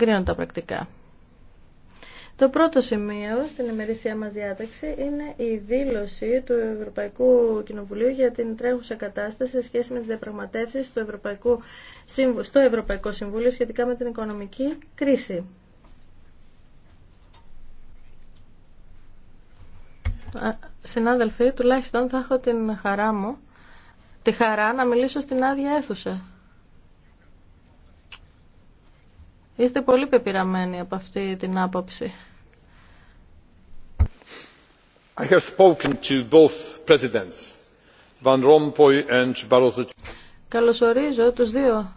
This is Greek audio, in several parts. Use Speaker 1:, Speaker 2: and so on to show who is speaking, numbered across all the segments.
Speaker 1: Γκρίνω τα πρακτικά. Το πρώτο σημείο στην ημερήσια μας διάταξη είναι η δήλωση του Ευρωπαϊκού Κοινοβουλίου για την τρέχουσα κατάσταση σε σχέση με τις διαπραγματεύσεις στο Ευρωπαϊκό, στο Ευρωπαϊκό Συμβούλιο σχετικά με την οικονομική κρίση. Συνάδελφοι, τουλάχιστον θα έχω την χαρά μου, τη χαρά να μιλήσω στην άδεια αίθουσα. Είστε πολύ πεπειραμένοι από αυτή την άποψη.
Speaker 2: I have spoken to both presidents, Van Rompuy and Barroso.
Speaker 1: Καλωσορίζω τους δύο.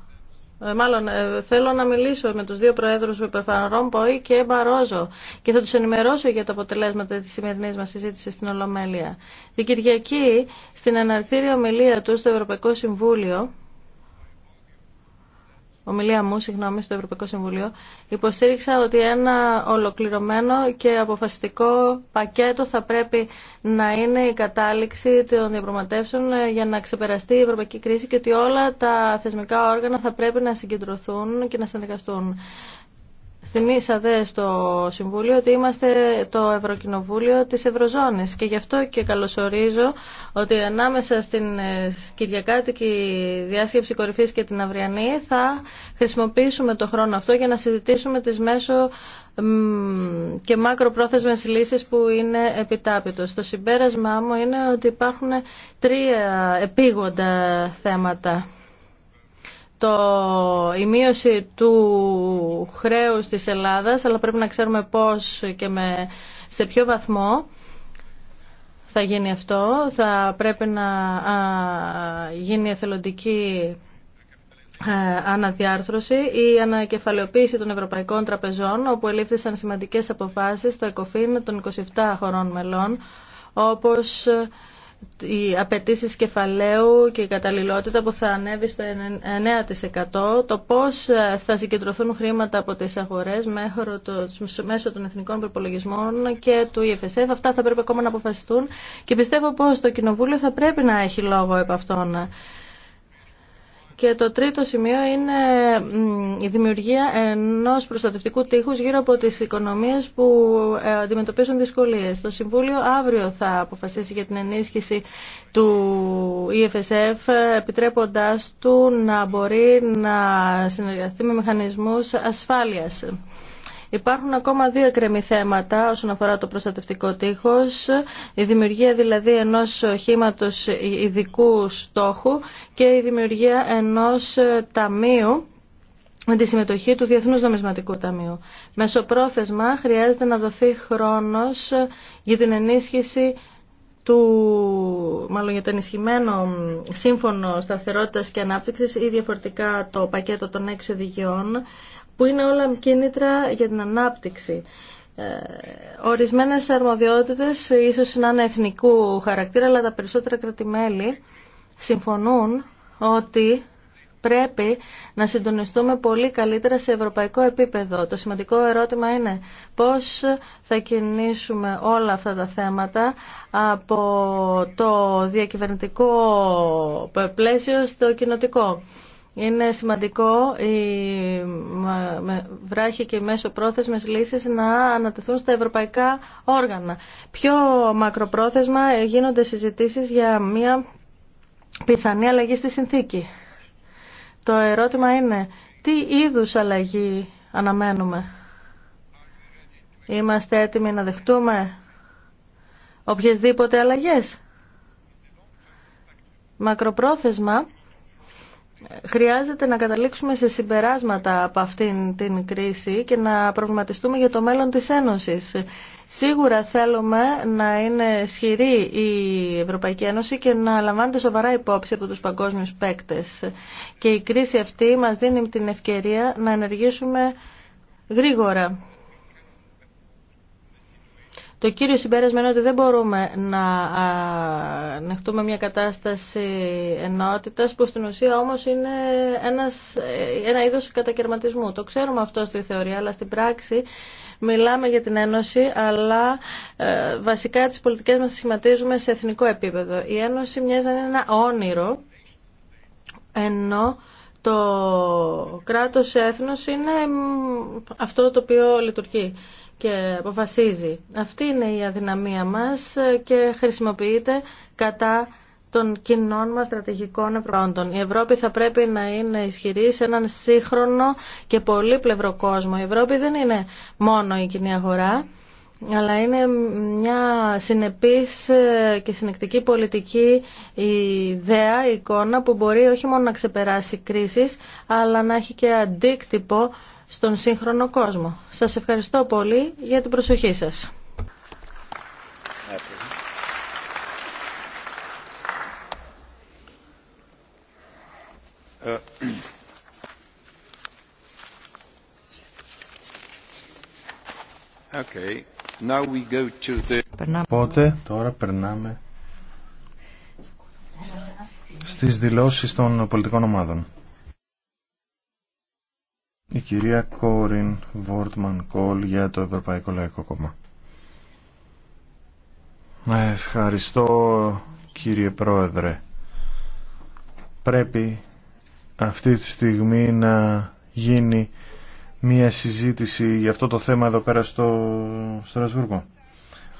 Speaker 1: Ε, μάλλον ε, θέλω να μιλήσω με τους δύο προέδρους ε, Van Rompuy και Μπαρόζο και θα τους ενημερώσω για τα αποτελέσματα της σημερινής μας συζήτησης στην Ολομέλεια. Την στην αναρτήρια ομιλία του στο Ευρωπαϊκό Συμβούλιο, ομιλία μου, συγγνώμη, στο Ευρωπαϊκό Συμβουλίο, υποστήριξα ότι ένα ολοκληρωμένο και αποφασιστικό πακέτο θα πρέπει να είναι η κατάληξη των διαπραγματεύσεων ε, για να ξεπεραστεί η ευρωπαϊκή κρίση και ότι όλα τα θεσμικά όργανα θα πρέπει να συγκεντρωθούν και να συνεργαστούν. Θυμήσατε στο Συμβούλιο ότι είμαστε το Ευρωκοινοβούλιο της Ευρωζώνης και γι' αυτό και καλωσορίζω ότι ανάμεσα στην ε, Κυριακάτικη Διάσκεψη Κορυφής και την Αυριανή θα χρησιμοποιήσουμε το χρόνο αυτό για να συζητήσουμε τις μέσο και μακροπρόθεσμες λύσεις που είναι επιτάπητος. Το συμπέρασμά μου είναι ότι υπάρχουν τρία επίγοντα θέματα το, η μείωση του χρέους της Ελλάδας, αλλά πρέπει να ξέρουμε πώς και με, σε ποιο βαθμό θα γίνει αυτό. Θα πρέπει να α, γίνει εθελοντική αναδιάρθρωση ή ανακεφαλαιοποίηση των ευρωπαϊκών τραπεζών όπου ελήφθησαν σημαντικές αποφάσεις στο ΕΚΟΦΗΝ των 27 χωρών μελών όπως οι απαιτήσει κεφαλαίου και η καταλληλότητα που θα ανέβει στο 9%, το πώς ε, θα συγκεντρωθούν χρήματα από τι αγορές μέσω των εθνικών προπολογισμών και του EFSF. Αυτά θα πρέπει ακόμα να αποφασιστούν και πιστεύω πως το Κοινοβούλιο θα πρέπει να έχει λόγο επ' αυτών. Και το τρίτο σημείο είναι η δημιουργία ενός προστατευτικού τείχους γύρω από τις οικονομίες που ε, αντιμετωπίζουν δυσκολίες. Το Συμβούλιο αύριο θα αποφασίσει για την ενίσχυση του EFSF επιτρέποντάς του να μπορεί να συνεργαστεί με μηχανισμούς ασφάλειας. Υπάρχουν ακόμα δύο εκκρεμή θέματα όσον αφορά το προστατευτικό τείχος, η δημιουργία δηλαδή ενός χήματος ειδικού στόχου και η δημιουργία ενός ταμείου με τη συμμετοχή του Διεθνούς Νομισματικού Ταμείου. Μεσοπρόθεσμα χρειάζεται να δοθεί χρόνος για την ενίσχυση του, μάλλον για το ενισχυμένο σύμφωνο σταθερότητας και ανάπτυξης ή διαφορετικά το πακέτο των έξι οδηγιών, που είναι όλα κίνητρα για την ανάπτυξη. Ε, ορισμένες αρμοδιότητες ίσως να είναι εθνικού χαρακτήρα, αλλά τα περισσότερα κρατημέλη συμφωνούν ότι πρέπει να συντονιστούμε πολύ καλύτερα σε ευρωπαϊκό επίπεδο. Το σημαντικό ερώτημα είναι πώς θα κινήσουμε όλα αυτά τα θέματα από το διακυβερνητικό πλαίσιο στο κοινοτικό. Είναι σημαντικό οι βράχοι και οι μέσο πρόθεσμες λύσεις να ανατεθούν στα ευρωπαϊκά όργανα. Πιο μακροπρόθεσμα γίνονται συζητήσεις για μια πιθανή αλλαγή στη συνθήκη. Το ερώτημα είναι τι είδους αλλαγή αναμένουμε. Είμαστε έτοιμοι να δεχτούμε οποιασδήποτε αλλαγές. Μακροπρόθεσμα χρειάζεται να καταλήξουμε σε συμπεράσματα από αυτήν την κρίση και να προβληματιστούμε για το μέλλον της Ένωσης. Σίγουρα θέλουμε να είναι ισχυρή η Ευρωπαϊκή Ένωση και να λαμβάνεται σοβαρά υπόψη από τους παγκόσμιους παίκτες. Και η κρίση αυτή μας δίνει την ευκαιρία να ενεργήσουμε γρήγορα. Το κύριο συμπέρασμα είναι ότι δεν μπορούμε να ανεχτούμε μια κατάσταση ενότητας που στην ουσία όμως είναι ένας, ένα είδος κατακαιρματισμού. Το ξέρουμε αυτό στη θεωρία, αλλά στην πράξη μιλάμε για την Ένωση, αλλά ε, βασικά τις πολιτικές μας σχηματίζουμε σε εθνικό επίπεδο. Η Ένωση μοιάζει να είναι ένα όνειρο, ενώ το κράτος έθνος είναι αυτό το οποίο λειτουργεί και αποφασίζει. Αυτή είναι η αδυναμία μας και χρησιμοποιείται κατά των κοινών μας στρατηγικών ευρώντων. Η Ευρώπη θα πρέπει να είναι ισχυρή σε έναν σύγχρονο και πολύπλευρο κόσμο. Η Ευρώπη δεν είναι μόνο η κοινή αγορά αλλά είναι μια συνεπής και συνεκτική πολιτική ιδέα, εικόνα που μπορεί όχι μόνο να ξεπεράσει κρίσεις, αλλά να έχει και αντίκτυπο στον σύγχρονο κόσμο. Σας ευχαριστώ πολύ για την προσοχή σας.
Speaker 2: Ε, okay. Now we go to the... Οπότε τώρα περνάμε στις δηλώσεις των πολιτικών ομάδων. Η κυρία Κόριν Βόρτμαν Κόλ για το Ευρωπαϊκό Λαϊκό Κόμμα. Ευχαριστώ κύριε Πρόεδρε. Πρέπει αυτή τη στιγμή να γίνει μια συζήτηση για αυτό το θέμα εδώ πέρα στο Στρασβούργο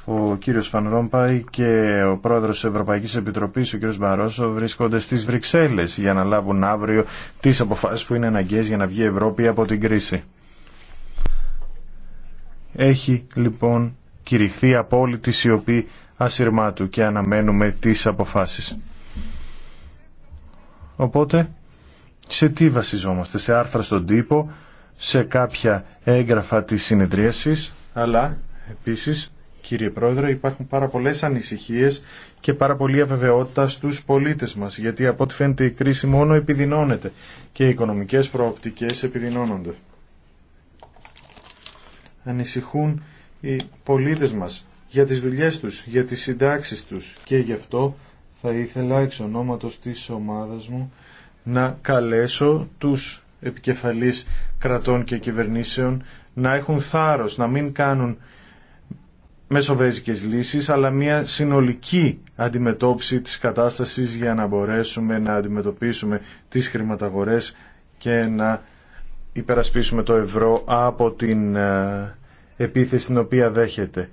Speaker 2: ο κύριος Φαν και ο πρόεδρος της Ευρωπαϊκής Επιτροπής, ο κύριος Μπαρόσο, βρίσκονται στις Βρυξέλλες για να λάβουν αύριο τις αποφάσεις που είναι αναγκαίες για να βγει η Ευρώπη από την κρίση. Έχει λοιπόν κηρυχθεί απόλυτη σιωπή ασυρμάτου και αναμένουμε τις αποφάσεις. Οπότε, σε τι βασιζόμαστε, σε άρθρα στον τύπο, σε κάποια έγγραφα της συνεδρίασης, αλλά επίσης κύριε Πρόεδρε, υπάρχουν πάρα πολλέ ανησυχίε και πάρα πολλή αβεβαιότητα στους πολίτες μας, γιατί από ό,τι φαίνεται η κρίση μόνο επιδεινώνεται και οι οικονομικές προοπτικές επιδεινώνονται. Ανησυχούν οι πολίτες μας για τις δουλειέ τους, για τις συντάξει τους και γι' αυτό θα ήθελα εξ ονόματο της ομάδας μου να καλέσω τους επικεφαλείς κρατών και κυβερνήσεων να έχουν θάρρος, να μην κάνουν μεσοβέζικες λύσεις, αλλά μια συνολική αντιμετώπιση της κατάστασης για να μπορέσουμε να αντιμετωπίσουμε τις χρηματαγορές και να υπερασπίσουμε το ευρώ από την ε, επίθεση την οποία δέχεται.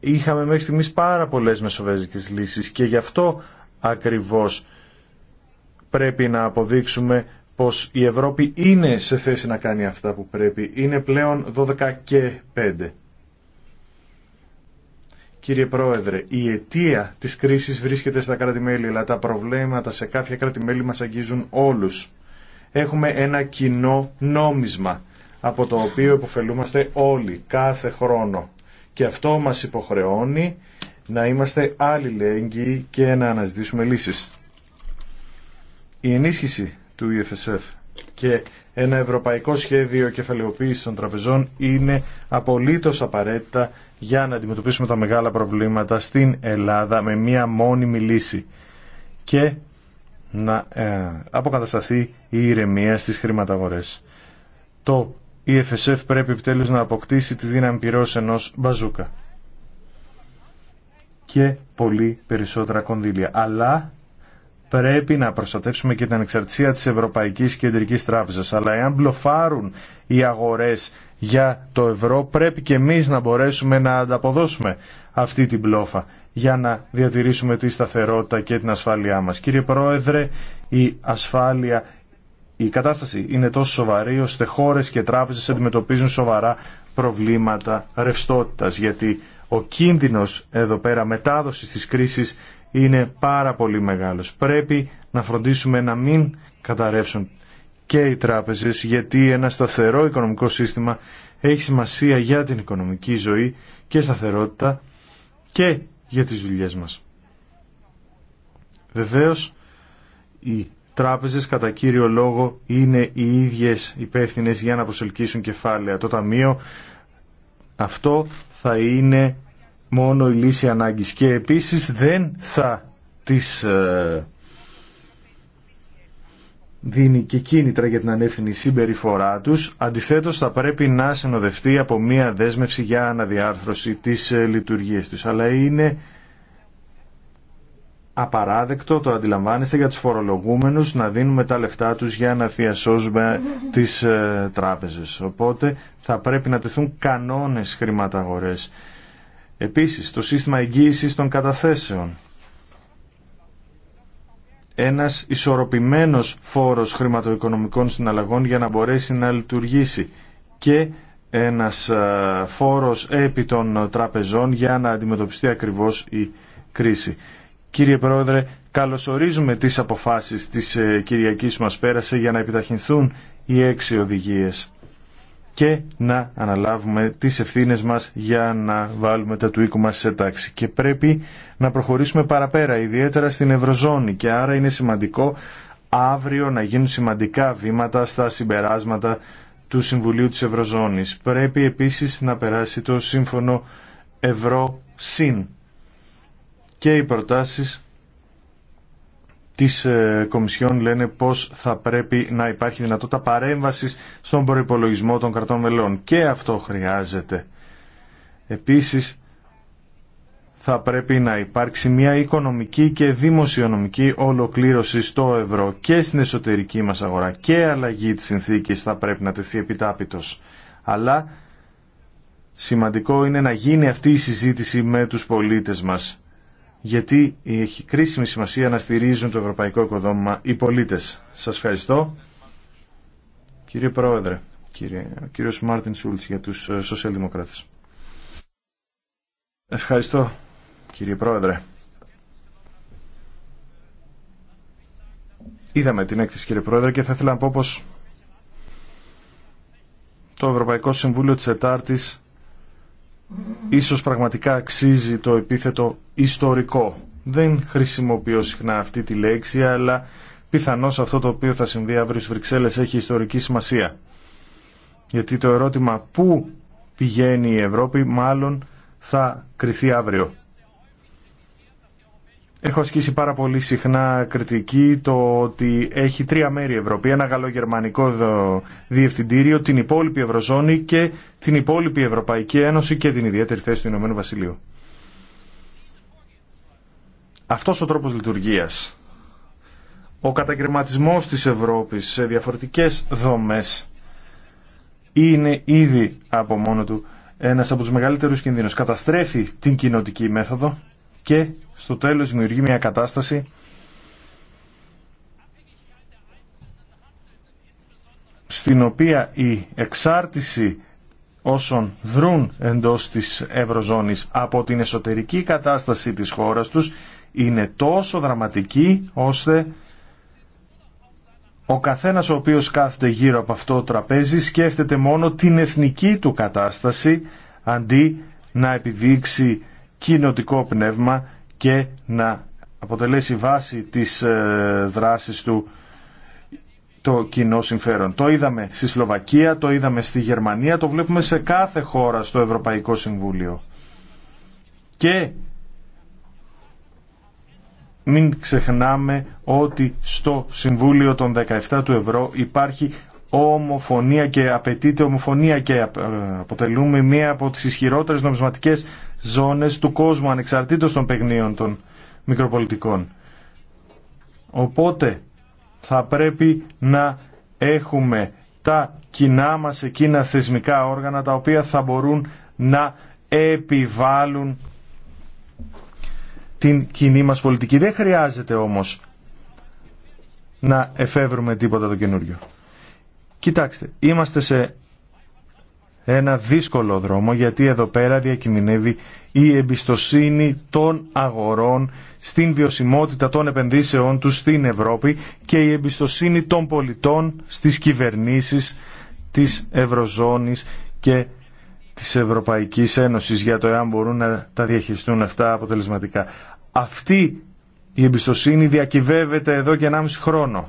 Speaker 2: Είχαμε μέχρι στιγμής πάρα πολλές μεσοβέζικες λύσεις και γι' αυτό ακριβώς πρέπει να αποδείξουμε πως η Ευρώπη είναι σε θέση να κάνει αυτά που πρέπει. Είναι πλέον 12 και 5. Κύριε Πρόεδρε, η αιτία της κρίσης βρίσκεται στα κράτη-μέλη, αλλά τα προβλήματα σε κάποια κράτη-μέλη μας αγγίζουν όλους. Έχουμε ένα κοινό νόμισμα, από το οποίο υποφελούμαστε όλοι, κάθε χρόνο. Και αυτό μας υποχρεώνει να είμαστε αλληλέγγυοι και να αναζητήσουμε λύσεις. Η ενίσχυση του EFSF και ένα ευρωπαϊκό σχέδιο κεφαλαιοποίησης των τραπεζών είναι απολύτως απαραίτητα για να αντιμετωπίσουμε τα μεγάλα προβλήματα στην Ελλάδα με μία μόνιμη λύση και να ε, αποκατασταθεί η ηρεμία στις χρηματαγορές. Το EFSF πρέπει επιτέλους να αποκτήσει τη δύναμη πυρός ενός μπαζούκα και πολύ περισσότερα κονδύλια. Αλλά πρέπει να προστατεύσουμε και την ανεξαρτησία της Ευρωπαϊκής Κεντρικής Τράπεζας. Αλλά εάν μπλοφάρουν οι αγορές για το ευρώ πρέπει και εμείς να μπορέσουμε να ανταποδώσουμε αυτή την πλόφα για να διατηρήσουμε τη σταθερότητα και την ασφάλειά μας. Κύριε Πρόεδρε, η ασφάλεια, η κατάσταση είναι τόσο σοβαρή ώστε χώρες και τράπεζες αντιμετωπίζουν σοβαρά προβλήματα ρευστότητας γιατί ο κίνδυνος εδώ πέρα μετάδοσης της κρίσης είναι πάρα πολύ μεγάλος. Πρέπει να φροντίσουμε να μην καταρρεύσουν και οι τράπεζες γιατί ένα σταθερό οικονομικό σύστημα έχει σημασία για την οικονομική ζωή και σταθερότητα και για τις δουλειές μας. Βεβαίως, οι τράπεζες κατά κύριο λόγο είναι οι ίδιες υπεύθυνες για να προσελκύσουν κεφάλαια. Το Ταμείο αυτό θα είναι μόνο η λύση ανάγκης και επίσης δεν θα τις ε, δίνει και κίνητρα για την ανεύθυνη συμπεριφορά τους, αντιθέτως θα πρέπει να συνοδευτεί από μία δέσμευση για αναδιάρθρωση της ε, λειτουργίας τους. Αλλά είναι απαράδεκτο, το αντιλαμβάνεστε, για τους φορολογούμενους να δίνουμε τα λεφτά τους για να θειασώσουμε τις ε, τράπεζες. Οπότε θα πρέπει να τεθούν κανόνες χρηματαγορές. Επίσης, το σύστημα εγγύησης των καταθέσεων ένας ισορροπημένος φόρος χρηματοοικονομικών συναλλαγών για να μπορέσει να λειτουργήσει και ένας φόρος επί των τραπεζών για να αντιμετωπιστεί ακριβώς η κρίση. Κύριε Πρόεδρε, καλωσορίζουμε τις αποφάσεις της ε, Κυριακής μας πέρασε για να επιταχυνθούν οι έξι οδηγίες και να αναλάβουμε τις ευθύνες μας για να βάλουμε τα του οίκου μας σε τάξη. Και πρέπει να προχωρήσουμε παραπέρα, ιδιαίτερα στην Ευρωζώνη και άρα είναι σημαντικό αύριο να γίνουν σημαντικά βήματα στα συμπεράσματα του Συμβουλίου της Ευρωζώνης. Πρέπει επίσης να περάσει το σύμφωνο Ευρώ-ΣΥΝ και οι προτάσεις της ε, Κομισιόν λένε πως θα πρέπει να υπάρχει δυνατότητα παρέμβαση στον προπολογισμό των κρατών μελών. Και αυτό χρειάζεται. Επίσης, θα πρέπει να υπάρξει μια οικονομική και δημοσιονομική ολοκλήρωση στο ευρώ και στην εσωτερική μας αγορά και αλλαγή της συνθήκης θα πρέπει να τεθεί επιτάπητος. Αλλά σημαντικό είναι να γίνει αυτή η συζήτηση με τους πολίτες μας γιατί έχει κρίσιμη σημασία να στηρίζουν το ευρωπαϊκό οικοδόμημα οι πολίτες. Σας ευχαριστώ. Κύριε Πρόεδρε, κύριε, ο κύριος Μάρτιν Σούλτς για τους ε, σοσιαλδημοκράτες. Ευχαριστώ, κύριε Πρόεδρε. Είδαμε την έκθεση, κύριε Πρόεδρε, και θα ήθελα να πω πως το Ευρωπαϊκό Συμβούλιο της Ετάρτης ίσως πραγματικά αξίζει το επίθετο ιστορικό. Δεν χρησιμοποιώ συχνά αυτή τη λέξη, αλλά πιθανώς αυτό το οποίο θα συμβεί αύριο στις Βρυξέλλες έχει ιστορική σημασία. Γιατί το ερώτημα πού πηγαίνει η Ευρώπη μάλλον θα κριθεί αύριο. Έχω ασκήσει πάρα πολύ συχνά κριτική το ότι έχει τρία μέρη η Ευρώπη. Ένα γαλλογερμανικό διευθυντήριο, την υπόλοιπη Ευρωζώνη και την υπόλοιπη Ευρωπαϊκή Ένωση και την ιδιαίτερη θέση του Ηνωμένου Βασιλείου. Αυτός ο τρόπος λειτουργίας, ο κατακριματισμός της Ευρώπης σε διαφορετικές δομές είναι ήδη από μόνο του ένας από τους μεγαλύτερους κινδύνους. Καταστρέφει την κοινωτική μέθοδο και στο τέλος δημιουργεί μια κατάσταση στην οποία η εξάρτηση όσων δρούν εντός της Ευρωζώνης από την εσωτερική κατάσταση της χώρας τους είναι τόσο δραματική ώστε ο καθένας ο οποίος κάθεται γύρω από αυτό το τραπέζι σκέφτεται μόνο την εθνική του κατάσταση αντί να επιδείξει κοινοτικό πνεύμα και να αποτελέσει βάση της ε, δράσης του το κοινό συμφέρον. Το είδαμε στη Σλοβακία, το είδαμε στη Γερμανία, το βλέπουμε σε κάθε χώρα στο Ευρωπαϊκό Συμβούλιο. Και μην ξεχνάμε ότι στο Συμβούλιο των 17 του Ευρώ υπάρχει ομοφωνία και απαιτείται ομοφωνία και ε, αποτελούμε μία από τις ισχυρότερες νομισματικές ζώνες του κόσμου ανεξαρτήτως των παιγνίων των μικροπολιτικών. Οπότε θα πρέπει να έχουμε τα κοινά μας εκείνα θεσμικά όργανα τα οποία θα μπορούν να επιβάλλουν την κοινή μας πολιτική. Δεν χρειάζεται όμως να εφεύρουμε τίποτα το καινούριο. Κοιτάξτε, είμαστε σε ένα δύσκολο δρόμο γιατί εδώ πέρα διακινδυνεύει η εμπιστοσύνη των αγορών στην βιωσιμότητα των επενδύσεών τους στην Ευρώπη και η εμπιστοσύνη των πολιτών στις κυβερνήσεις της Ευρωζώνης και της Ευρωπαϊκής Ένωσης για το εάν μπορούν να τα διαχειριστούν αυτά αποτελεσματικά. Αυτή η εμπιστοσύνη διακυβεύεται εδώ και 1,5 χρόνο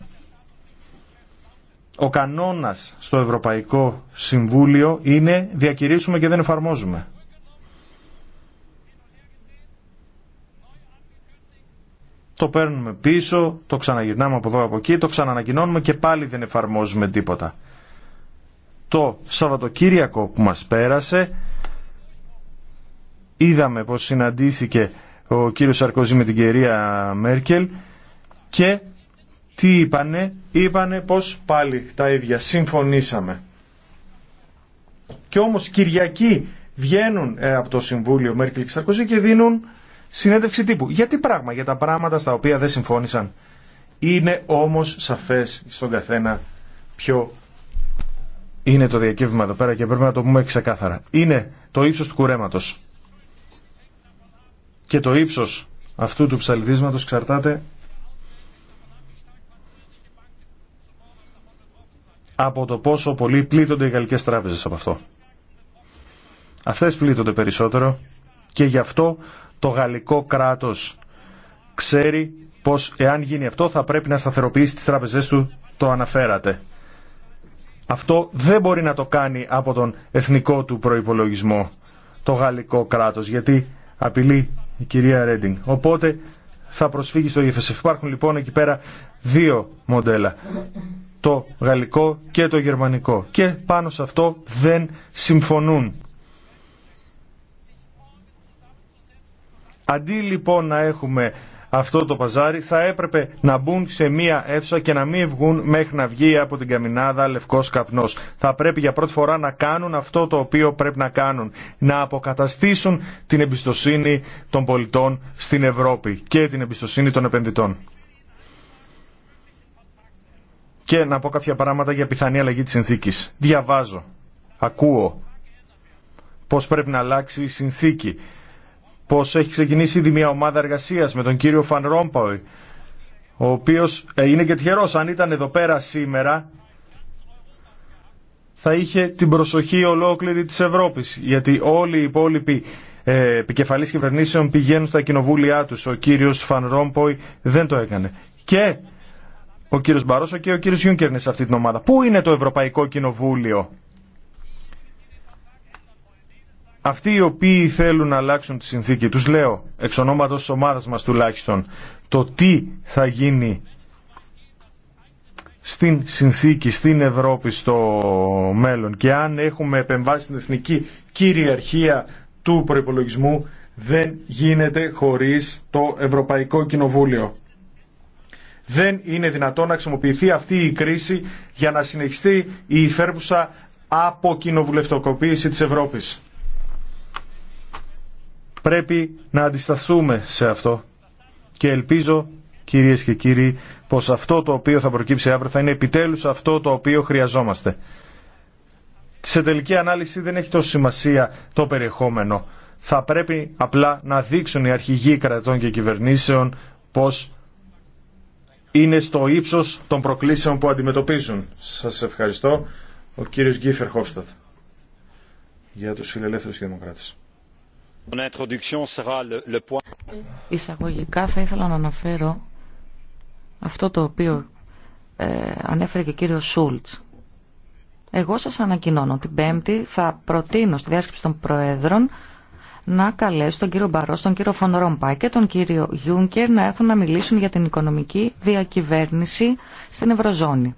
Speaker 2: ο κανόνας στο Ευρωπαϊκό Συμβούλιο είναι διακηρύσουμε και δεν εφαρμόζουμε. Το παίρνουμε πίσω, το ξαναγυρνάμε από εδώ από εκεί, το ξανανακοινώνουμε και πάλι δεν εφαρμόζουμε τίποτα. Το Σαββατοκύριακο που μας πέρασε είδαμε πως συναντήθηκε ο κύριος Σαρκοζή με την κυρία Μέρκελ και τι είπανε, είπανε πως πάλι τα ίδια, συμφωνήσαμε. Και όμως Κυριακή βγαίνουν ε, από το Συμβούλιο Μέρκελ και και δίνουν συνέντευξη τύπου. Για τι πράγμα, για τα πράγματα στα οποία δεν συμφώνησαν. Είναι όμως σαφές στον καθένα ποιο είναι το διακύβημα εδώ πέρα και πρέπει να το πούμε ξεκάθαρα. Είναι το ύψος του κουρέματος. Και το ύψος αυτού του ψαλιδίσματος εξαρτάται από το πόσο πολύ πλήττονται οι γαλλικές τράπεζες από αυτό. Αυτές πλήττονται περισσότερο και γι' αυτό το γαλλικό κράτος ξέρει πως εάν γίνει αυτό θα πρέπει να σταθεροποιήσει τις τράπεζές του, το αναφέρατε. Αυτό δεν μπορεί να το κάνει από τον εθνικό του προϋπολογισμό το γαλλικό κράτος, γιατί απειλεί η κυρία Ρέντινγκ. Οπότε θα προσφύγει στο EFSF. Υπάρχουν λοιπόν εκεί πέρα δύο μοντέλα το γαλλικό και το γερμανικό. Και πάνω σε αυτό δεν συμφωνούν. Αντί λοιπόν να έχουμε αυτό το παζάρι θα έπρεπε να μπουν σε μία αίθουσα και να μην βγουν μέχρι να βγει από την καμινάδα λευκός καπνός. Θα πρέπει για πρώτη φορά να κάνουν αυτό το οποίο πρέπει να κάνουν. Να αποκαταστήσουν την εμπιστοσύνη των πολιτών στην Ευρώπη και την εμπιστοσύνη των επενδυτών και να πω κάποια πράγματα για πιθανή αλλαγή της συνθήκης. Διαβάζω, ακούω πώς πρέπει να αλλάξει η συνθήκη, πώς έχει ξεκινήσει ήδη μια ομάδα εργασίας με τον κύριο Φαν ο οποίος ε, είναι και τυχερός, αν ήταν εδώ πέρα σήμερα, θα είχε την προσοχή ολόκληρη της Ευρώπης, γιατί όλοι οι υπόλοιποι ε, επικεφαλής κυβερνήσεων πηγαίνουν στα κοινοβούλια τους. Ο κύριος Φαν Ρόμποϊ δεν το έκανε. Και ο κύριος Μπαρόσο και ο κύριος Γιούνκερ σε αυτή την ομάδα. Πού είναι το Ευρωπαϊκό Κοινοβούλιο. Αυτοί οι οποίοι θέλουν να αλλάξουν τη συνθήκη, τους λέω, εξ ονόματος της ομάδας μας τουλάχιστον, το τι θα γίνει στην συνθήκη, στην Ευρώπη, στο μέλλον και αν έχουμε επεμβάσει στην εθνική κυριαρχία του προϋπολογισμού δεν γίνεται χωρίς το Ευρωπαϊκό Κοινοβούλιο. Δεν είναι δυνατόν να χρησιμοποιηθεί αυτή η κρίση για να συνεχιστεί η υφέρπουσα αποκοινοβουλευτοκοποίηση της Ευρώπης. Πρέπει να αντισταθούμε σε αυτό και ελπίζω κυρίες και κύριοι πως αυτό το οποίο θα προκύψει αύριο θα είναι επιτέλους αυτό το οποίο χρειαζόμαστε. Σε τελική ανάλυση δεν έχει τόσο σημασία το περιεχόμενο. Θα πρέπει απλά να δείξουν οι αρχηγοί κρατών και κυβερνήσεων πως είναι στο ύψος των προκλήσεων που αντιμετωπίζουν. Σας ευχαριστώ. Ο κύριος Γκίφερ Χόφσταθ, για τους φιλελεύθερους και δημοκράτες.
Speaker 3: Εισαγωγικά θα ήθελα να αναφέρω αυτό το οποίο ε, ανέφερε και ο κύριος Σούλτς. Εγώ σας ανακοινώνω την Πέμπτη θα προτείνω στη διάσκεψη των Προέδρων να καλέσει τον κύριο Μπαρό, τον κύριο Φωνορόμπα και τον κύριο Γιούνκερ να έρθουν να μιλήσουν για την οικονομική διακυβέρνηση στην Ευρωζώνη.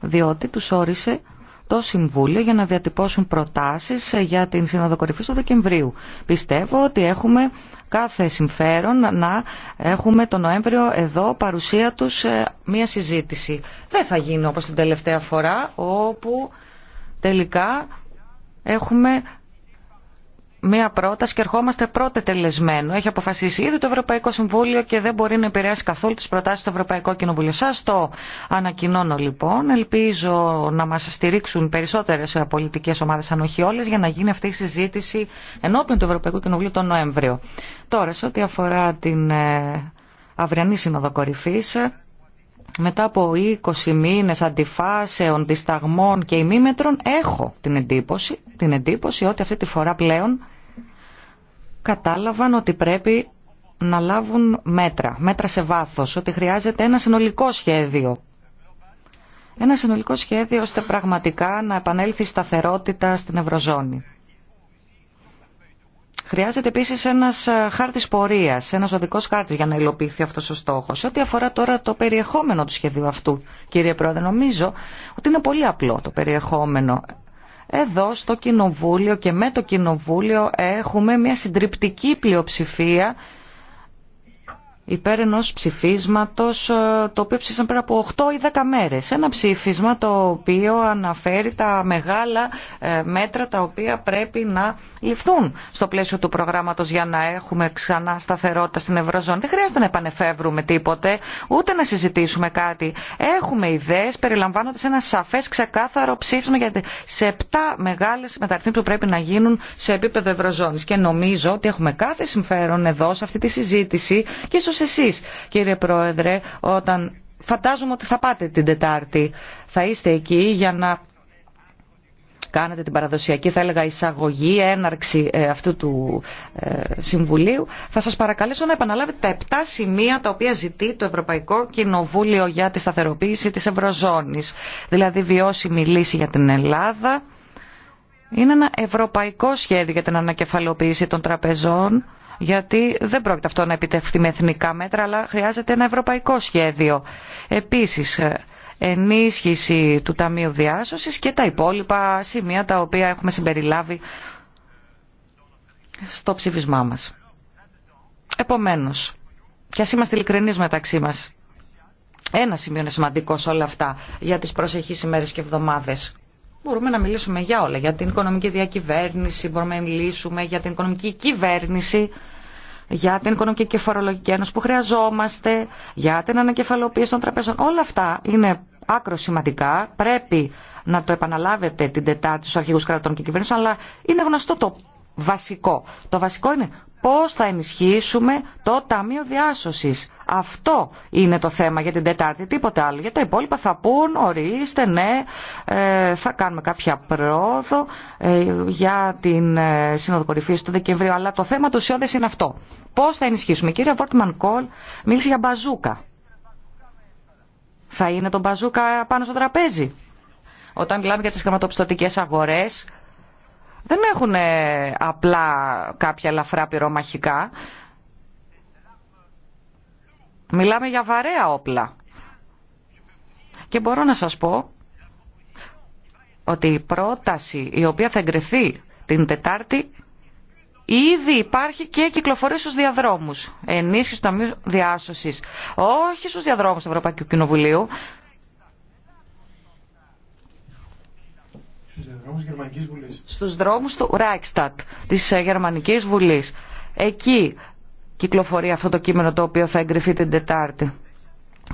Speaker 3: Διότι τους όρισε το Συμβούλιο για να διατυπώσουν προτάσεις για την Σύνοδο Κορυφής του Δεκεμβρίου. Πιστεύω ότι έχουμε κάθε συμφέρον να έχουμε το Νοέμβριο εδώ παρουσία τους μία συζήτηση. Δεν θα γίνει όπως την τελευταία φορά όπου τελικά έχουμε μία πρόταση και ερχόμαστε πρώτε τελεσμένο. Έχει αποφασίσει ήδη το Ευρωπαϊκό Συμβούλιο και δεν μπορεί να επηρεάσει καθόλου τις προτάσει του Ευρωπαϊκού Κοινοβουλίου. Σα το ανακοινώνω λοιπόν. Ελπίζω να μα στηρίξουν περισσότερε πολιτικέ ομάδε αν όχι όλε για να γίνει αυτή η συζήτηση ενώπιον του Ευρωπαϊκού Κοινοβουλίου τον Νοέμβριο. Τώρα, σε ό,τι αφορά την ε, αυριανή Σύνοδο μετά από 20 μήνες αντιφάσεων, δισταγμών και ημίμετρων έχω την εντύπωση, την εντύπωση ότι αυτή τη φορά πλέον κατάλαβαν ότι πρέπει να λάβουν μέτρα, μέτρα σε βάθος, ότι χρειάζεται ένα συνολικό σχέδιο. Ένα συνολικό σχέδιο ώστε πραγματικά να επανέλθει η σταθερότητα στην Ευρωζώνη. Χρειάζεται επίση ένα ε, χάρτη πορεία, ένα οδικό χάρτη για να υλοποιηθεί αυτό ο στόχο. Ό,τι αφορά τώρα το περιεχόμενο του σχεδίου αυτού, κύριε Πρόεδρε, νομίζω ότι είναι πολύ απλό το περιεχόμενο εδώ στο Κοινοβούλιο και με το Κοινοβούλιο έχουμε μια συντριπτική πλειοψηφία υπέρ ενό ψηφίσματο, ε, το οποίο ψήφισαν πριν από 8 ή 10 μέρε. Ένα ψήφισμα το οποίο αναφέρει τα μεγάλα ε, μέτρα τα οποία πρέπει να ληφθούν στο πλαίσιο του προγράμματο για να έχουμε ξανά σταθερότητα στην Ευρωζώνη. Δεν χρειάζεται να επανεφεύρουμε τίποτε, ούτε να συζητήσουμε κάτι. Έχουμε ιδέε περιλαμβάνοντα ένα σαφέ, ξεκάθαρο ψήφισμα για σε 7 μεγάλε μεταρρυθμίσει που πρέπει να γίνουν σε επίπεδο Ευρωζώνη. Και νομίζω ότι έχουμε κάθε συμφέρον εδώ σε αυτή τη συζήτηση και ίσως εσείς κύριε Πρόεδρε όταν φαντάζομαι ότι θα πάτε την Τετάρτη θα είστε εκεί για να κάνετε την παραδοσιακή θα έλεγα εισαγωγή, έναρξη ε, αυτού του ε, Συμβουλίου. Θα σας παρακαλέσω να επαναλάβετε τα επτά σημεία τα οποία ζητεί το Ευρωπαϊκό Κοινοβούλιο για τη σταθεροποίηση της Ευρωζώνης. Δηλαδή βιώσιμη λύση για την Ελλάδα. Είναι ένα ευρωπαϊκό σχέδιο για την ανακεφαλοποίηση των τραπεζών γιατί δεν πρόκειται αυτό να επιτευχθεί με εθνικά μέτρα, αλλά χρειάζεται ένα ευρωπαϊκό σχέδιο. Επίσης, ε, ενίσχυση του Ταμείου Διάσωσης και τα υπόλοιπα σημεία τα οποία έχουμε συμπεριλάβει στο ψήφισμά μας. Επομένως, και ας είμαστε ειλικρινείς μεταξύ μας, ένα σημείο είναι σημαντικό σε όλα αυτά για τις προσεχείς ημέρες και εβδομάδες. Μπορούμε να μιλήσουμε για όλα, για την οικονομική διακυβέρνηση, μπορούμε να μιλήσουμε για την οικονομική κυβέρνηση, για την οικονομική και φορολογική ένωση που χρειαζόμαστε, για την ανακεφαλοποίηση των τραπεζών. Όλα αυτά είναι άκρο σημαντικά. Πρέπει να το επαναλάβετε την Τετάρτη στου αρχήγου κρατών και κυβέρνησεων, αλλά είναι γνωστό το βασικό. Το βασικό είναι πώ θα ενισχύσουμε το Ταμείο διάσωση. Αυτό είναι το θέμα για την Τετάρτη, τίποτε άλλο. Για τα υπόλοιπα θα πούν, ορίστε, ναι, ε, θα κάνουμε κάποια πρόοδο ε, για την ε, Σύνοδο Κορυφή του Δεκεμβρίου. Αλλά το θέμα του ουσιώδες είναι αυτό. Πώς θα ενισχύσουμε. Η κυρία Βόρτμαν Κόλ μίλησε για μπαζούκα. Θα είναι το μπαζούκα πάνω στο τραπέζι. Όταν μιλάμε για τις χρηματοπιστωτικέ αγορές, δεν έχουν απλά κάποια ελαφρά πυρομαχικά. Μιλάμε για βαρέα όπλα. Και μπορώ να σας πω ότι η πρόταση η οποία θα εγκριθεί την Τετάρτη ήδη υπάρχει και κυκλοφορεί στους διαδρόμους. Ενίσχυση του Ταμείου Διάσωσης. Όχι στους διαδρόμους του Ευρωπαϊκού Κοινοβουλίου. Στους δρόμους, του Reichstag, της Γερμανικής Βουλής. Ε, Εκεί κυκλοφορεί αυτό το κείμενο το οποίο θα εγκριθεί την Τετάρτη.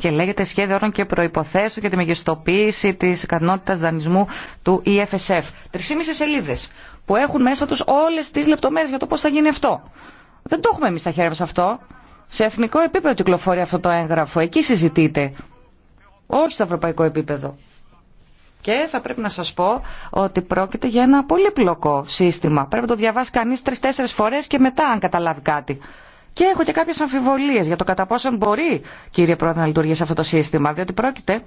Speaker 3: Και λέγεται σχέδιο όρων και προποθέσεων για τη μεγιστοποίηση τη ικανότητα δανεισμού του EFSF. 3,5 σελίδε που έχουν μέσα του όλε τι λεπτομέρειε για το πώ θα γίνει αυτό. Δεν το έχουμε εμεί στα χέρια μα αυτό. Σε εθνικό επίπεδο κυκλοφορεί αυτό το έγγραφο. Εκεί συζητείται. Όχι στο ευρωπαϊκό επίπεδο. Και θα πρέπει να σας πω ότι πρόκειται για ένα πολύπλοκο σύστημα. Πρέπει να το διαβάσει κανείς τρεις-τέσσερις φορές και μετά αν καταλάβει κάτι. Και έχω και κάποιες αμφιβολίες για το κατά πόσον μπορεί, κύριε Πρόεδρε, να λειτουργήσει αυτό το σύστημα, διότι πρόκειται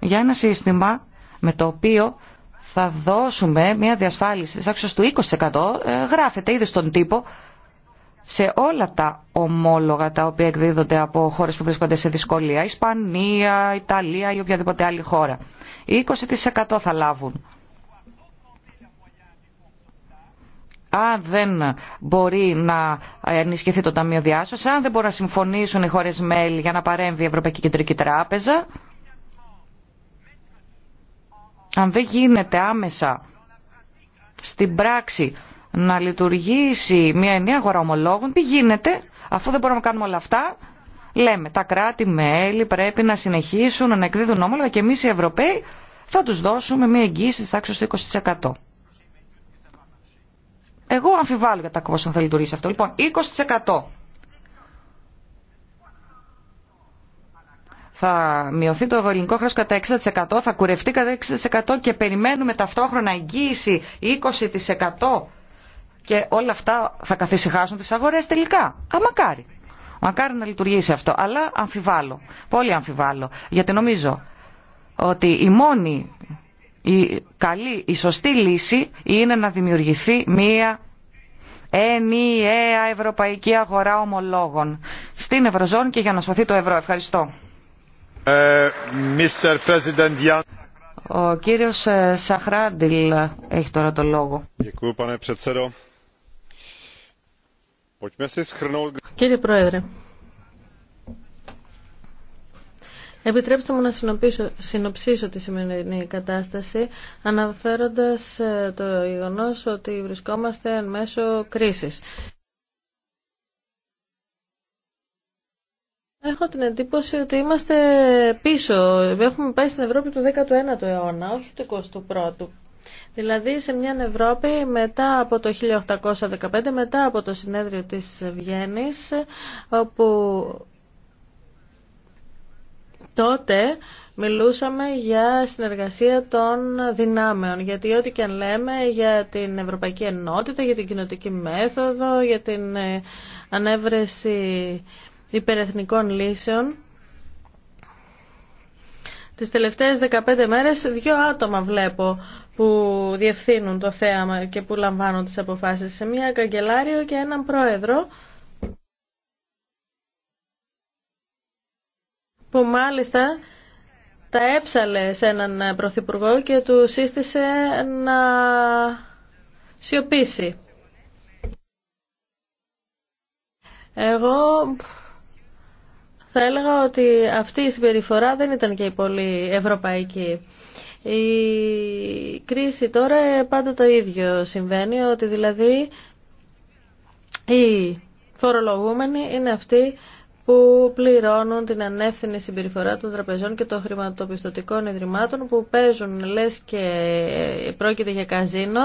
Speaker 3: για ένα σύστημα με το οποίο θα δώσουμε μια διασφάλιση της άξιος του 20%, ε, γράφεται ήδη στον τύπο, σε όλα τα ομόλογα τα οποία εκδίδονται από χώρες που βρίσκονται σε δυσκολία, Ισπανία, Ιταλία ή οποιαδήποτε άλλη χώρα. 20% θα λάβουν αν δεν μπορεί να ενισχυθεί το Ταμείο Διάσωση, αν δεν μπορούν να συμφωνήσουν οι χώρες μέλη για να παρέμβει η Ευρωπαϊκή Κεντρική Τράπεζα, αν δεν γίνεται άμεσα στην πράξη να λειτουργήσει μια ενιαία αγορά ομολόγων, τι γίνεται, αφού δεν μπορούμε να κάνουμε όλα αυτά, λέμε τα κράτη-μέλη πρέπει να συνεχίσουν να εκδίδουν ομολόγα και εμείς οι Ευρωπαίοι θα τους δώσουμε μια εγγύηση της τάξης του 20%. Εγώ αμφιβάλλω για τα πόσο θα λειτουργήσει αυτό. Λοιπόν, 20%. θα μειωθεί το ευρωελληνικό χρέο κατά 60%, θα κουρευτεί κατά 60% και περιμένουμε ταυτόχρονα εγγύηση 20% και όλα αυτά θα καθησυχάσουν τις αγορές τελικά. Α, μακάρι. Μακάρι να λειτουργήσει αυτό. Αλλά αμφιβάλλω. Πολύ αμφιβάλλω. Γιατί νομίζω ότι η μόνη η καλή, η σωστή λύση είναι να δημιουργηθεί μία ενιαία ευρωπαϊκή αγορά ομολόγων στην Ευρωζώνη και για να σωθεί το ευρώ. Ευχαριστώ. Ε, Ο κύριος ε, Σαχράντιλ έχει τώρα το λόγο. Κύριε Πρόεδρε,
Speaker 1: Επιτρέψτε μου να συνοψίσω τη σημερινή κατάσταση αναφέροντας ε, το γεγονός ότι βρισκόμαστε εν μέσω κρίσης. Έχω την εντύπωση ότι είμαστε πίσω. Έχουμε πάει στην Ευρώπη του 19ου αιώνα, όχι του 21ου. Δηλαδή σε μια Ευρώπη μετά από το 1815, μετά από το συνέδριο της Βιέννης, όπου τότε μιλούσαμε για συνεργασία των δυνάμεων. Γιατί ό,τι και αν λέμε για την Ευρωπαϊκή Ενότητα, για την κοινοτική μέθοδο, για την ε, ανέβρεση υπερεθνικών λύσεων, τις τελευταίες 15 μέρες δύο άτομα βλέπω που διευθύνουν το θέαμα και που λαμβάνουν τις αποφάσεις σε μια καγκελάριο και έναν πρόεδρο που μάλιστα τα έψαλε σε έναν πρωθυπουργό και του σύστησε να σιωπήσει. Εγώ θα έλεγα ότι αυτή η συμπεριφορά δεν ήταν και πολύ ευρωπαϊκή. Η κρίση τώρα πάντα το ίδιο συμβαίνει, ότι δηλαδή οι φορολογούμενοι είναι αυτοί που πληρώνουν την ανεύθυνη συμπεριφορά των τραπεζών και των χρηματοπιστωτικών ιδρυμάτων που παίζουν λες και πρόκειται για καζίνο.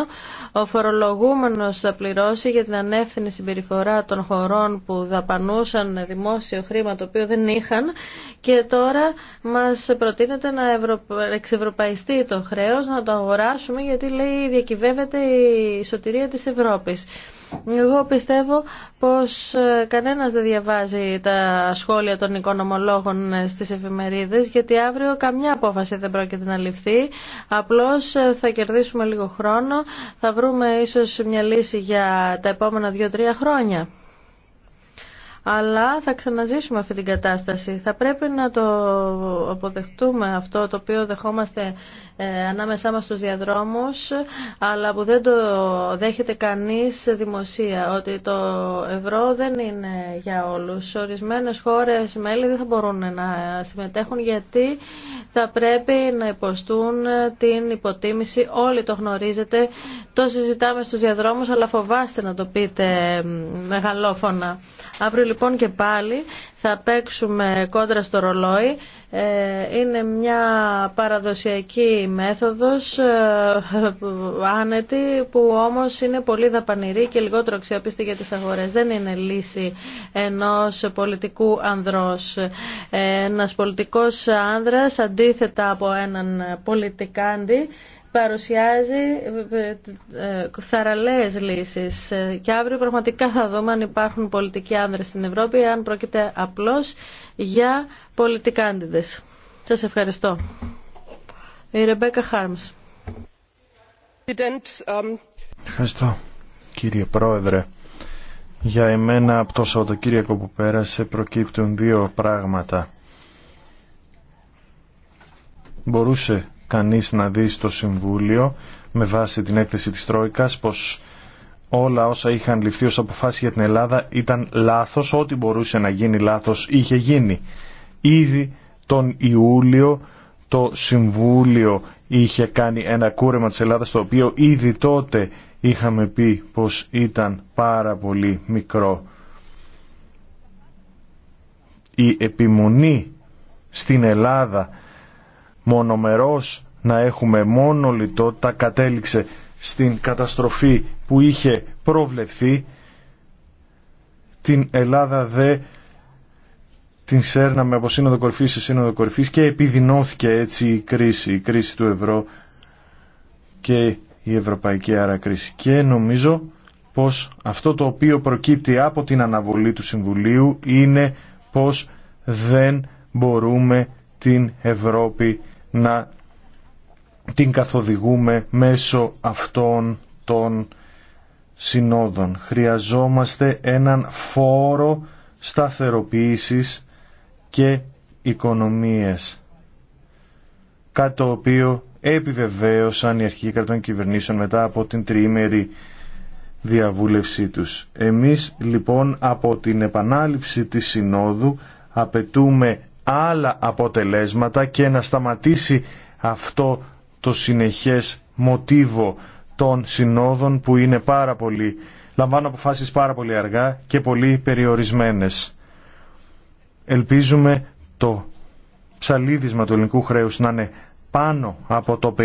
Speaker 1: Ο φορολογούμενος θα πληρώσει για την ανεύθυνη συμπεριφορά των χωρών που δαπανούσαν δημόσιο χρήμα το οποίο δεν είχαν και τώρα μας προτείνεται να εξευρωπαϊστεί το χρέος, να το αγοράσουμε γιατί λέει διακυβεύεται η σωτηρία της Ευρώπης. Εγώ πιστεύω πως ε, κανένας δεν διαβάζει τα σχόλια των οικονομολόγων ε, στις εφημερίδες γιατί αύριο καμιά απόφαση δεν πρόκειται να ληφθεί. Απλώς ε, θα κερδίσουμε λίγο χρόνο, θα βρούμε ίσως μια λύση για τα επόμενα δύο-τρία χρόνια αλλά θα ξαναζήσουμε αυτή την κατάσταση. Θα πρέπει να το αποδεχτούμε αυτό το οποίο δεχόμαστε ε, ανάμεσά μας στους διαδρόμους, αλλά που δεν το δέχεται κανείς δημοσία, ότι το ευρώ δεν είναι για όλους. Ορισμένες χώρες μέλη δεν θα μπορούν να συμμετέχουν γιατί θα πρέπει να υποστούν την υποτίμηση. Όλοι το γνωρίζετε, το συζητάμε στους διαδρόμους, αλλά φοβάστε να το πείτε μεγαλόφωνα. Λοιπόν, λοιπόν και πάλι θα παίξουμε κόντρα στο ρολόι. Ε, είναι μια παραδοσιακή μέθοδος ε, άνετη που όμως είναι πολύ δαπανηρή και λιγότερο αξιόπιστη για τις αγορές. Δεν είναι λύση ενός πολιτικού ανδρός. Ε, ένας πολιτικός άνδρας αντίθετα από έναν πολιτικάντη παρουσιάζει ε, ε, θαραλέες λύσεις ε, και αύριο πραγματικά θα δούμε αν υπάρχουν πολιτικοί άνδρες στην Ευρώπη αν πρόκειται απλώς για αντίδες. Σας ευχαριστώ. Η Ρεμπέκα Χάρμς. Um,
Speaker 2: ευχαριστώ κύριε Πρόεδρε. Για εμένα από το Σαββατοκύριακο που πέρασε προκύπτουν δύο πράγματα. Μπορούσε κανείς να δει στο Συμβούλιο με βάση την έκθεση της Τρόικας πως όλα όσα είχαν ληφθεί ως αποφάσεις για την Ελλάδα ήταν λάθος, ό,τι μπορούσε να γίνει λάθος είχε γίνει. Ήδη τον Ιούλιο το Συμβούλιο είχε κάνει ένα κούρεμα της Ελλάδας το οποίο ήδη τότε είχαμε πει πως ήταν πάρα πολύ μικρό. Η επιμονή στην Ελλάδα μονομερός να έχουμε μόνο λιτότητα κατέληξε στην καταστροφή που είχε προβλεφθεί την Ελλάδα δε την σέρναμε από σύνοδο κορυφή σε σύνοδο κορυφή και επιδεινώθηκε έτσι η κρίση, η κρίση του ευρώ και η ευρωπαϊκή άρα κρίση. Και νομίζω πως αυτό το οποίο προκύπτει από την αναβολή του Συμβουλίου είναι πως δεν μπορούμε την Ευρώπη να την καθοδηγούμε μέσω αυτών των συνόδων. Χρειαζόμαστε έναν φόρο σταθεροποίησης και οικονομίες. Κάτι το οποίο επιβεβαίωσαν οι αρχηγοί κρατών κυβερνήσεων μετά από την τριήμερη διαβούλευσή τους. Εμείς λοιπόν από την επανάληψη της Συνόδου απαιτούμε άλλα αποτελέσματα και να σταματήσει αυτό το συνεχές μοτίβο των συνόδων που είναι πάρα πολύ, λαμβάνουν αποφάσεις πάρα πολύ αργά και πολύ περιορισμένες. Ελπίζουμε το ψαλίδισμα του ελληνικού χρέους να είναι πάνω από το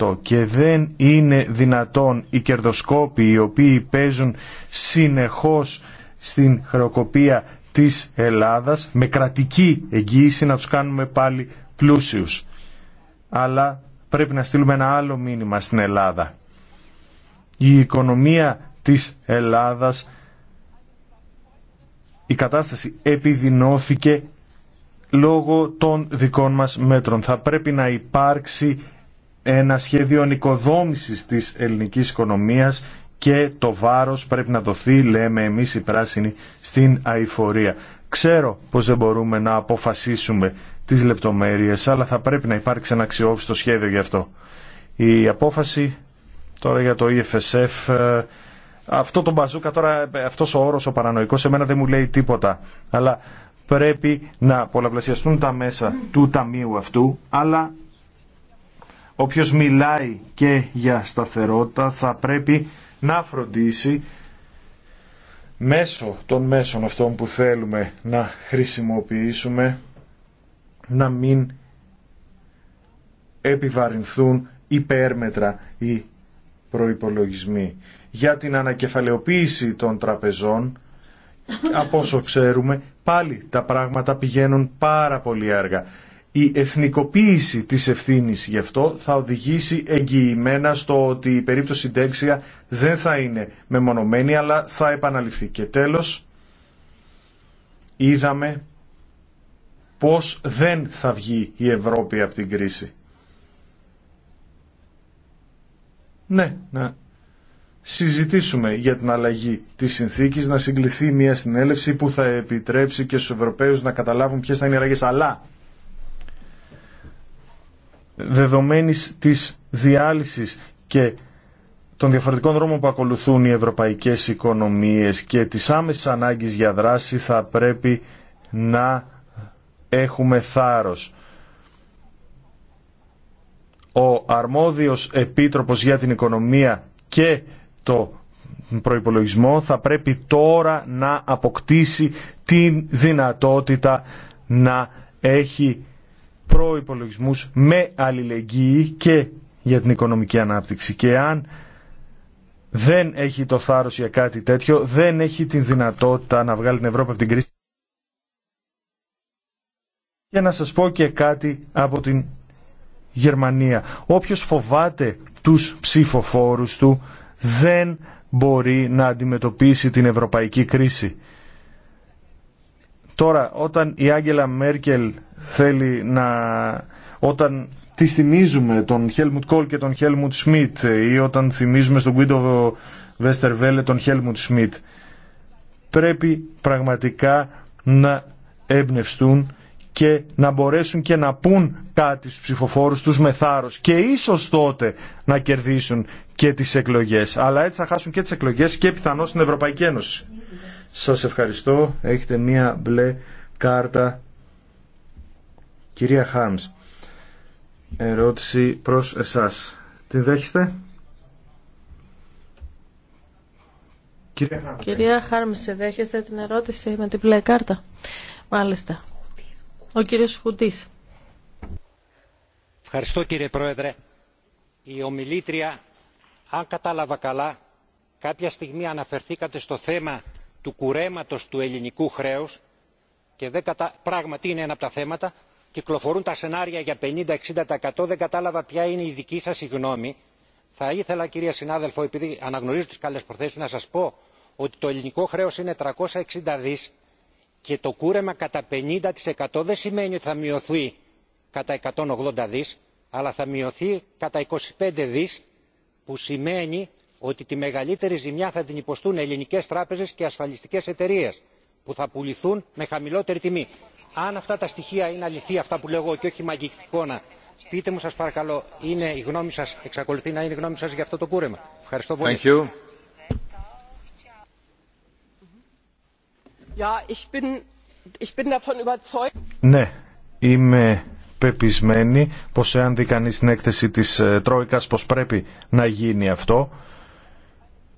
Speaker 2: 50% και δεν είναι δυνατόν οι κερδοσκόποι οι οποίοι παίζουν συνεχώς στην χρεοκοπία της Ελλάδας με κρατική εγγύηση να τους κάνουμε πάλι πλούσιους. Αλλά πρέπει να στείλουμε ένα άλλο μήνυμα στην Ελλάδα. Η οικονομία της Ελλάδας, η κατάσταση επιδεινώθηκε λόγω των δικών μας μέτρων. Θα πρέπει να υπάρξει ένα σχέδιο νοικοδόμησης της ελληνικής οικονομίας και το βάρος πρέπει να δοθεί, λέμε εμείς οι πράσινοι, στην αηφορία. Ξέρω πως δεν μπορούμε να αποφασίσουμε τις λεπτομέρειες, αλλά θα πρέπει να υπάρξει ένα αξιόπιστο σχέδιο γι' αυτό. Η απόφαση τώρα για το EFSF, ε, αυτό το μπαζούκα τώρα, ε, αυτός ο όρος ο παρανοϊκός, εμένα δεν μου λέει τίποτα, αλλά πρέπει να πολλαπλασιαστούν τα μέσα του ταμείου αυτού, αλλά όποιος μιλάει και για σταθερότητα θα πρέπει να φροντίσει μέσω των μέσων αυτών που θέλουμε να χρησιμοποιήσουμε να μην επιβαρυνθούν υπέρμετρα οι προϋπολογισμοί. Για την ανακεφαλαιοποίηση των τραπεζών, από όσο ξέρουμε, πάλι τα πράγματα πηγαίνουν πάρα πολύ αργά η εθνικοποίηση της ευθύνης γι' αυτό θα οδηγήσει εγγυημένα στο ότι η περίπτωση τέξια δεν θα είναι μεμονωμένη αλλά θα επαναληφθεί. Και τέλος είδαμε πώς δεν θα βγει η Ευρώπη από την κρίση. Ναι, να συζητήσουμε για την αλλαγή της συνθήκης, να συγκληθεί μια συνέλευση που θα επιτρέψει και στους Ευρωπαίους να καταλάβουν ποιες θα είναι οι αλλαγές. Αλλά δεδομένης της διάλυσης και των διαφορετικών δρόμων που ακολουθούν οι ευρωπαϊκές οικονομίες και της άμεσης ανάγκης για δράση θα πρέπει να έχουμε θάρρος. Ο αρμόδιος επίτροπος για την οικονομία και το προϋπολογισμό θα πρέπει τώρα να αποκτήσει την δυνατότητα να έχει προϋπολογισμούς με αλληλεγγύη και για την οικονομική ανάπτυξη. Και αν δεν έχει το θάρρος για κάτι τέτοιο, δεν έχει την δυνατότητα να βγάλει την Ευρώπη από την κρίση. Και να σας πω και κάτι από την Γερμανία. Όποιος φοβάται τους ψηφοφόρους του δεν μπορεί να αντιμετωπίσει την ευρωπαϊκή κρίση. Τώρα, όταν η Άγγελα Μέρκελ θέλει να... Όταν τη θυμίζουμε τον Χέλμουτ Κόλ και τον Χέλμουτ Σμιτ ε, ή όταν θυμίζουμε στον Κουίντο Βέστερβέλε τον Χέλμουτ Σμιτ, πρέπει πραγματικά να εμπνευστούν και να μπορέσουν και να πούν κάτι στους ψηφοφόρους τους με θάρρος και ίσως τότε να κερδίσουν και τις εκλογές. Αλλά έτσι θα χάσουν και τις εκλογές και πιθανώς την Ευρωπαϊκή Ένωση. Σας ευχαριστώ. Έχετε μία μπλε κάρτα. Κυρία Χάρμς, ερώτηση προς εσάς. Την δέχεστε? Κυρία
Speaker 1: Χάρμς, δέχεστε την ερώτηση με την μπλε κάρτα. Μάλιστα. Ο κύριος Χουτής.
Speaker 2: Ευχαριστώ κύριε Πρόεδρε. Η ομιλήτρια, αν κατάλαβα καλά, κάποια στιγμή αναφερθήκατε στο θέμα του κουρέματος του ελληνικού χρέους και πράγματι είναι ένα από τα θέματα κυκλοφορούν τα σενάρια για 50-60% δεν κατάλαβα ποια είναι η δική σας γνώμη. Θα ήθελα κυρία συνάδελφο επειδή αναγνωρίζω τις καλές προθέσεις να σας πω ότι το ελληνικό χρέος είναι 360 δις και το κούρεμα κατά 50% δεν σημαίνει ότι θα μειωθεί κατά 180 δις αλλά θα μειωθεί κατά 25 δις που σημαίνει ότι τη μεγαλύτερη ζημιά θα την υποστούν ελληνικές τράπεζες και ασφαλιστικές εταιρείες που θα πουληθούν με χαμηλότερη τιμή. αν αυτά τα στοιχεία είναι αληθή αυτά που λέγω και όχι μαγική εικόνα πείτε μου σας παρακαλώ είναι η γνώμη σας, εξακολουθεί να είναι η γνώμη σας για αυτό το κούρεμα. Ευχαριστώ πολύ. Ναι, είμαι πεπισμένη πως εάν δει κανείς την έκθεση της ε, Τρόικας πως πρέπει να γίνει αυτό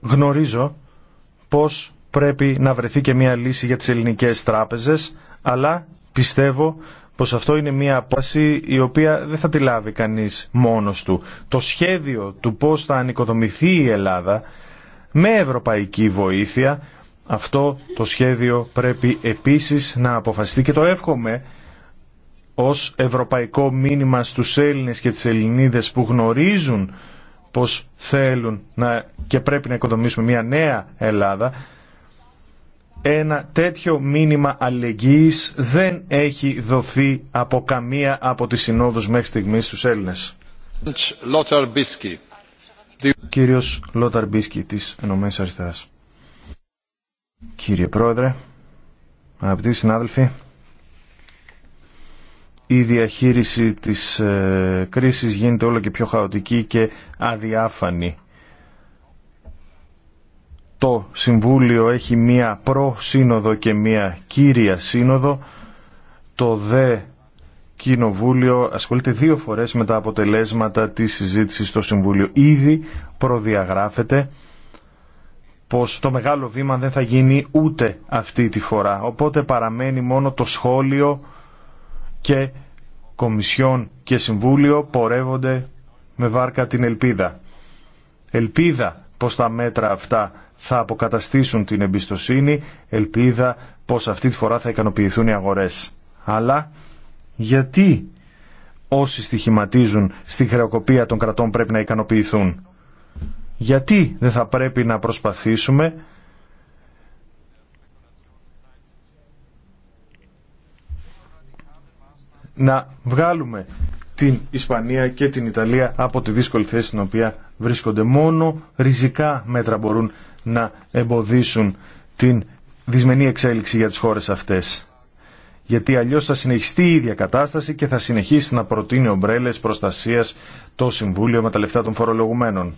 Speaker 2: γνωρίζω πως πρέπει να βρεθεί και μια λύση για τις ελληνικές τράπεζες, αλλά πιστεύω πως αυτό είναι μια απόφαση η οποία δεν θα τη λάβει κανείς μόνος του. Το σχέδιο του πώς θα ανοικοδομηθεί η Ελλάδα με ευρωπαϊκή βοήθεια, αυτό το σχέδιο πρέπει επίσης να αποφασιστεί και το εύχομαι ως ευρωπαϊκό μήνυμα στους Έλληνες και τις Ελληνίδες που γνωρίζουν πως θέλουν να, και πρέπει να οικοδομήσουμε μια νέα Ελλάδα, ένα τέτοιο μήνυμα αλληλεγγύης δεν έχει δοθεί από καμία από τις συνόδους μέχρι στιγμής στους Έλληνες. Κύριος Λόταρ Μπίσκι της Ενωμένης Αριστεράς. Κύριε Πρόεδρε, αγαπητοί συνάδελφοι, η διαχείριση της ε, κρίσης γίνεται όλο και πιο χαοτική και αδιάφανη. Το Συμβούλιο έχει μία προ-σύνοδο και μία κύρια σύνοδο. Το ΔΕ Κοινοβούλιο ασχολείται δύο φορές με τα αποτελέσματα της συζήτησης στο Συμβούλιο. Ήδη προδιαγράφεται πως το μεγάλο βήμα δεν θα γίνει ούτε αυτή τη φορά. Οπότε παραμένει μόνο το σχόλιο και Κομισιόν και Συμβούλιο πορεύονται με βάρκα την ελπίδα. Ελπίδα πως τα μέτρα αυτά θα αποκαταστήσουν την εμπιστοσύνη, ελπίδα πως αυτή τη φορά θα ικανοποιηθούν οι αγορές. Αλλά γιατί όσοι στοιχηματίζουν στη χρεοκοπία των κρατών πρέπει να ικανοποιηθούν. Γιατί δεν θα πρέπει να προσπαθήσουμε να βγάλουμε την Ισπανία και την Ιταλία από τη δύσκολη θέση στην οποία βρίσκονται. Μόνο ριζικά μέτρα μπορούν να εμποδίσουν την δυσμενή εξέλιξη για τις χώρες αυτές. Γιατί αλλιώς θα συνεχιστεί η ίδια κατάσταση και θα συνεχίσει να προτείνει ομπρέλες προστασίας το Συμβούλιο με τα λεφτά των φορολογουμένων.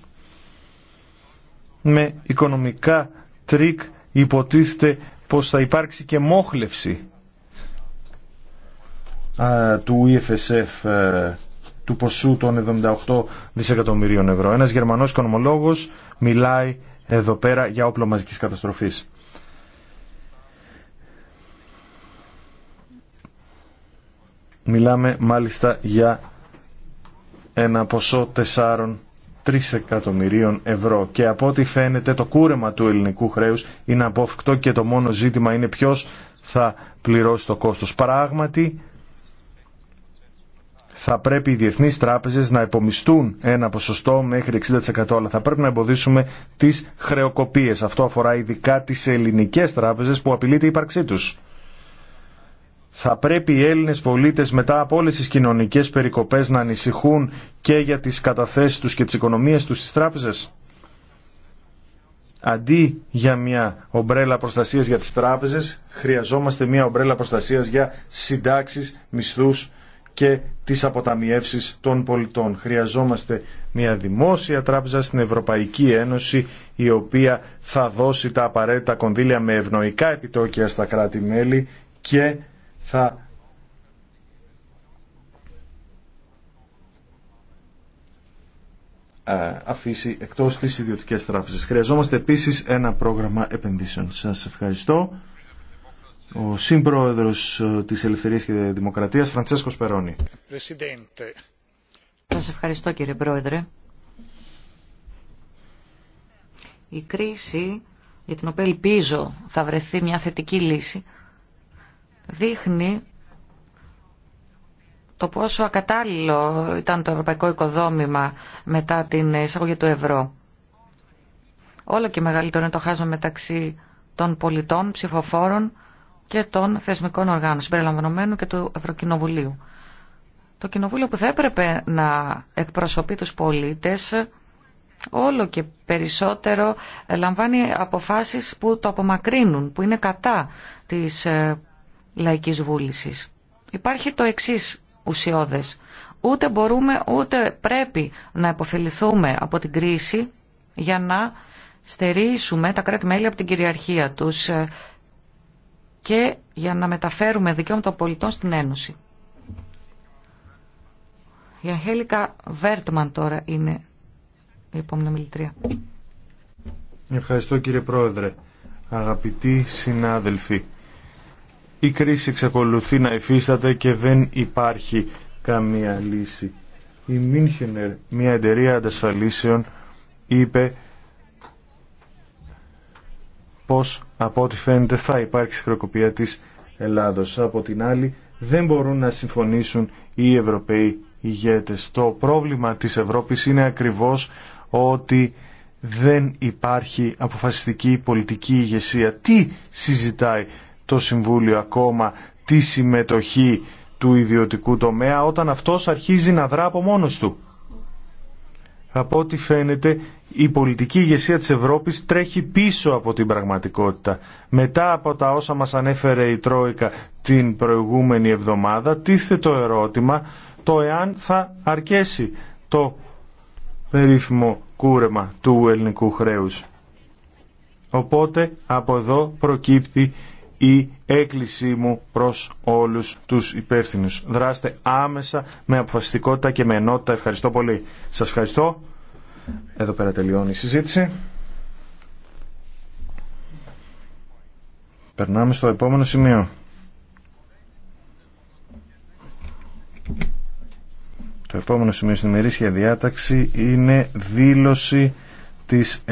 Speaker 2: Με οικονομικά τρίκ υποτίθεται πως θα υπάρξει και μόχλευση του EFSF ε, του ποσού των 78 δισεκατομμυρίων ευρώ. Ένας Γερμανός οικονομολόγος μιλάει εδώ πέρα για όπλο μαζικής καταστροφής. Μιλάμε μάλιστα για ένα ποσό 4 3 εκατομμυρίων ευρώ και από ό,τι φαίνεται το κούρεμα του ελληνικού χρέους είναι απόφυκτο και το μόνο ζήτημα είναι ποιος θα πληρώσει το κόστος. Πράγματι θα πρέπει οι διεθνεί τράπεζε να επομιστούν ένα ποσοστό μέχρι 60% αλλά θα πρέπει να εμποδίσουμε τι χρεοκοπίε, Αυτό αφορά ειδικά τι ελληνικέ τράπεζε που απειλείται η ύπαρξή του. Θα πρέπει οι Έλληνε πολίτε μετά από όλε τι κοινωνικέ περικοπέ να ανησυχούν και για τι καταθέσει του και τι οικονομίε του στι τράπεζε. Αντί για μια ομπρέλα προστασίας για τις τράπεζες, χρειαζόμαστε μια ομπρέλα προστασίας για συντάξεις, μισθούς και τις αποταμιεύσεις των πολιτών. Χρειαζόμαστε μια δημόσια τράπεζα στην Ευρωπαϊκή Ένωση η οποία θα δώσει τα απαραίτητα κονδύλια με ευνοϊκά επιτόκια στα κράτη-μέλη και θα αφήσει εκτός τις ιδιωτικές τράπεζες. Χρειαζόμαστε επίσης ένα πρόγραμμα επενδύσεων. Σας ευχαριστώ ο Σύμπροεδρος ε, της Ελευθερίας και Δημοκρατίας, Φραντσέσκος Περόνι.
Speaker 3: Σας ευχαριστώ κύριε Πρόεδρε. Η κρίση για την οποία ελπίζω θα βρεθεί μια θετική λύση δείχνει το πόσο ακατάλληλο ήταν το ευρωπαϊκό οικοδόμημα μετά την εισαγωγή του ευρώ. Όλο και μεγαλύτερο είναι το χάσμα μεταξύ των πολιτών, ψηφοφόρων και των θεσμικών οργάνων, συμπεριλαμβανομένου και του Ευρωκοινοβουλίου. Το κοινοβούλιο που θα έπρεπε να εκπροσωπεί τους πολίτες όλο και περισσότερο ε, λαμβάνει αποφάσεις που το απομακρύνουν, που είναι κατά της ε, λαϊκής βούλησης. Υπάρχει το εξής ουσιώδες. Ούτε μπορούμε ούτε πρέπει να υποφεληθούμε από την κρίση για να στερήσουμε τα κράτη-μέλη από την κυριαρχία τους ε, και για να μεταφέρουμε δικαιώματα των πολιτών στην Ένωση. Η Αγγέλικα Βέρτμαν τώρα είναι η επόμενη μιλητρία.
Speaker 2: Ευχαριστώ κύριε Πρόεδρε. Αγαπητοί συνάδελφοι, η κρίση εξακολουθεί να υφίσταται και δεν υπάρχει καμία λύση. Η Μίνχενερ, μια εταιρεία αντασφαλίσεων, είπε πως από ό,τι φαίνεται θα υπάρξει χρεοκοπία της Ελλάδος. Από την άλλη δεν μπορούν να συμφωνήσουν οι Ευρωπαίοι ηγέτες. Το πρόβλημα της Ευρώπης είναι ακριβώς ότι δεν υπάρχει αποφασιστική πολιτική ηγεσία. Τι συζητάει το Συμβούλιο ακόμα, τη συμμετοχή του ιδιωτικού τομέα όταν αυτός αρχίζει να δρά από μόνος του από ό,τι φαίνεται η πολιτική ηγεσία της Ευρώπης τρέχει πίσω από την πραγματικότητα. Μετά από τα όσα μας ανέφερε η Τρόικα την προηγούμενη εβδομάδα, τίθε το ερώτημα το εάν θα αρκέσει το περίφημο κούρεμα του ελληνικού χρέους. Οπότε από εδώ προκύπτει η έκκλησή μου προς όλους τους υπεύθυνους. Δράστε άμεσα με αποφασιστικότητα και με ενότητα. Ευχαριστώ πολύ. Σας ευχαριστώ. Εδώ πέρα τελειώνει η συζήτηση. Περνάμε στο επόμενο σημείο. Το επόμενο σημείο στην ημερήσια διάταξη είναι δήλωση της